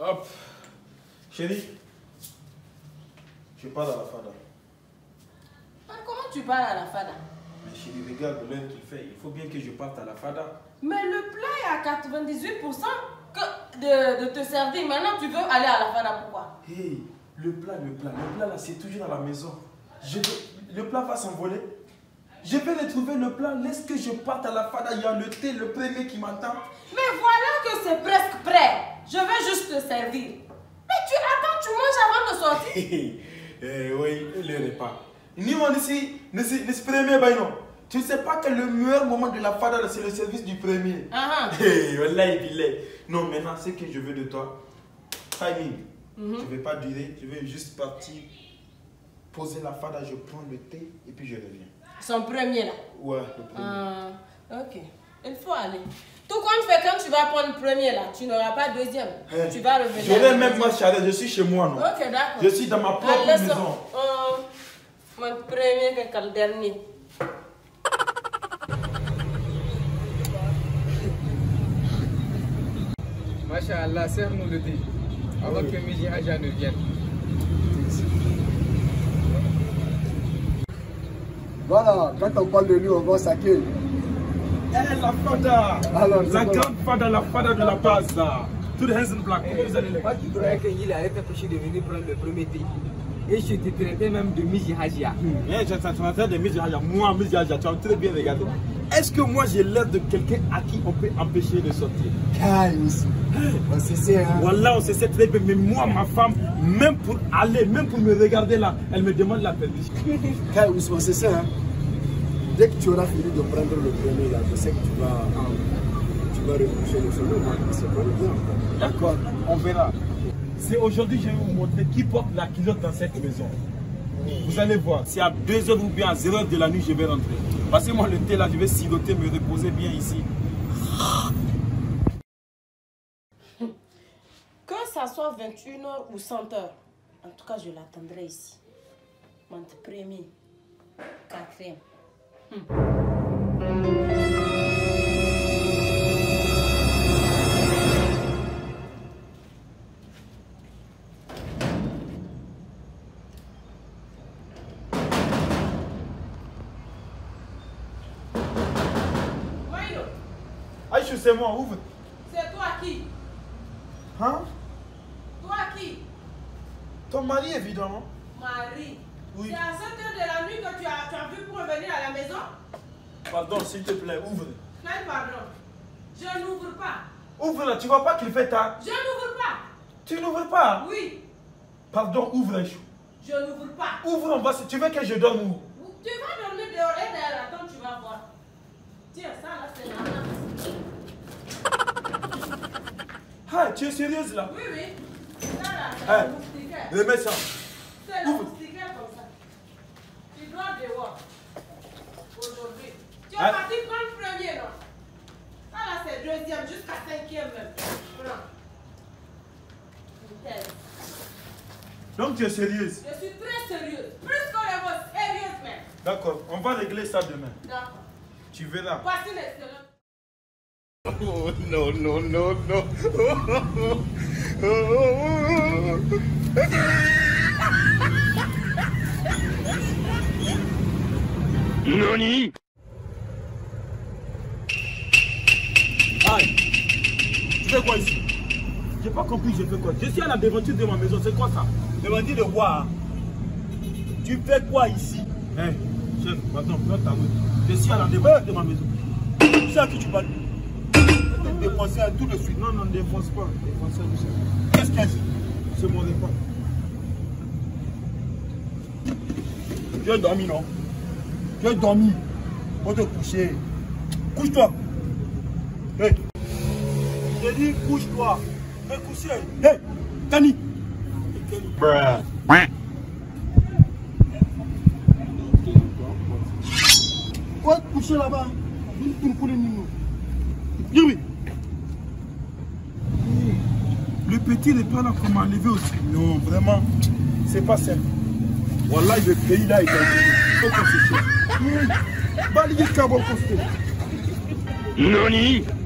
Hop. Chérie, je parle à la fada. Ah, comment tu parles à la fada Mais chérie, regarde l'heure qu'il fait. Il faut bien que je parte à la fada. Mais le plat est à 98% de, te servir. Maintenant, tu veux aller à la fada. Pourquoi hey, le plat, le plat, le plat, là, c'est toujours à la maison. Je, le plat va s'envoler. Je peux retrouver le plat. Laisse que je parte à la fada. Il y a le thé, le premier qui m'attend. Mais voilà que c'est presque prêt je veux juste te servir. Mais tu attends, tu manges avant de sortir. Eh oui, le repas. Ni on ici, ni pas. premier non. Tu ne sais pas que le meilleur moment de la fada, c'est le service du premier. Ah, ah. Eh, Non, maintenant, ce que je veux de toi, timing. Mm Je ne vais pas durer, je vais juste partir, poser la fada, je prends le thé et puis je reviens. Son premier là Ouais, le premier. Ah, ok, il faut aller. Tout compte fait, quand tu vas prendre le premier là, tu n'auras pas deuxième. Eh, tu vas revenir. Je vais même ma je suis chez moi, non Ok, d'accord. Je suis dans ma propre maison. Euh, mon premier que le dernier. Masha'Allah, serre-nous le dit. avant que Midi Aja ne vienne. Voilà, quand on parle de lui, on va s'accueillir. Elle la fada. la grande fada, la fada de la base. Tout le reste black. Moi, tu croyais qu'il allait empêché de venir prendre le premier thé. Et je te traitais même de Mijihajia. Hmm. Eh, hey, je te de Hajia. Moi, Hajia, tu as très bien regardé. Est-ce que moi j'ai l'air de quelqu'un à qui on peut empêcher de sortir Calme, hein? on sait ça. Hein. Voilà, on ça très bien. Mais moi, ma femme, même pour aller, même pour me regarder là, elle me demande la permission. Calme, on sait ça. Hein dès que tu auras fini de prendre le premier, je sais que tu vas, tu vas le chemin, c'est pas le D'accord, on verra. C'est aujourd'hui que je vais vous montrer qui porte la culotte dans cette maison. Vous allez voir, Si à 2h ou bien à 0h de la nuit, je vais rentrer. passez moi, le thé là, je vais siloter, me reposer bien ici. Que ça soit 21h ou 100h, en tout cas, je l'attendrai ici. Mon premier, quatrième c'est moi, ouvre. C'est toi qui Hein Toi qui Ton mari, évidemment. Marie Oui. Pardon, s'il te plaît, ouvre. pardon Je n'ouvre pas. Ouvre-la, tu vois pas qu'il fait tard Je n'ouvre pas. Tu n'ouvres pas Oui. Pardon, ouvre, Je n'ouvre pas. Ouvre, on va se... Tu veux que je dorme où Tu vas dormir dehors et derrière, attends, tu vas voir. Tiens, ça là, c'est la Ah, tu es sérieuse là Oui, oui. Ça là, c'est hey, eh, Remets ça. Ouvre. Donc tu es sérieuse Je suis très sérieuse. Plus sérieuse même. D'accord, on va régler ça demain. D'accord. Tu verras. là Oh non, non, non, non. Oh, fais quoi ici J'ai pas compris, je fais quoi Je suis à la devanture de ma maison, c'est quoi ça Je m'a dit de voir. Tu fais quoi ici Eh, chef, maintenant, ta Je suis à la eh! devanture de ma maison. C'est à qui tu parles Je défoncer tout de suite. Non, non, ne défonce pas. Défonce Qu'est-ce qu'elle dit C'est mon départ. Tu as dormi, non Tu as dormi. pour te coucher. Couche-toi. Eh! Je dit couche-toi. Mais coucher. Hé, hey, Tani. Bruh. Quoi coucher là-bas Une Dis-moi Le petit n'est pas là comme m'enlever aussi. Non, vraiment, c'est pas simple. Voilà, le pays là, il est en train de se faire. Balayer le cabot costaud. Noni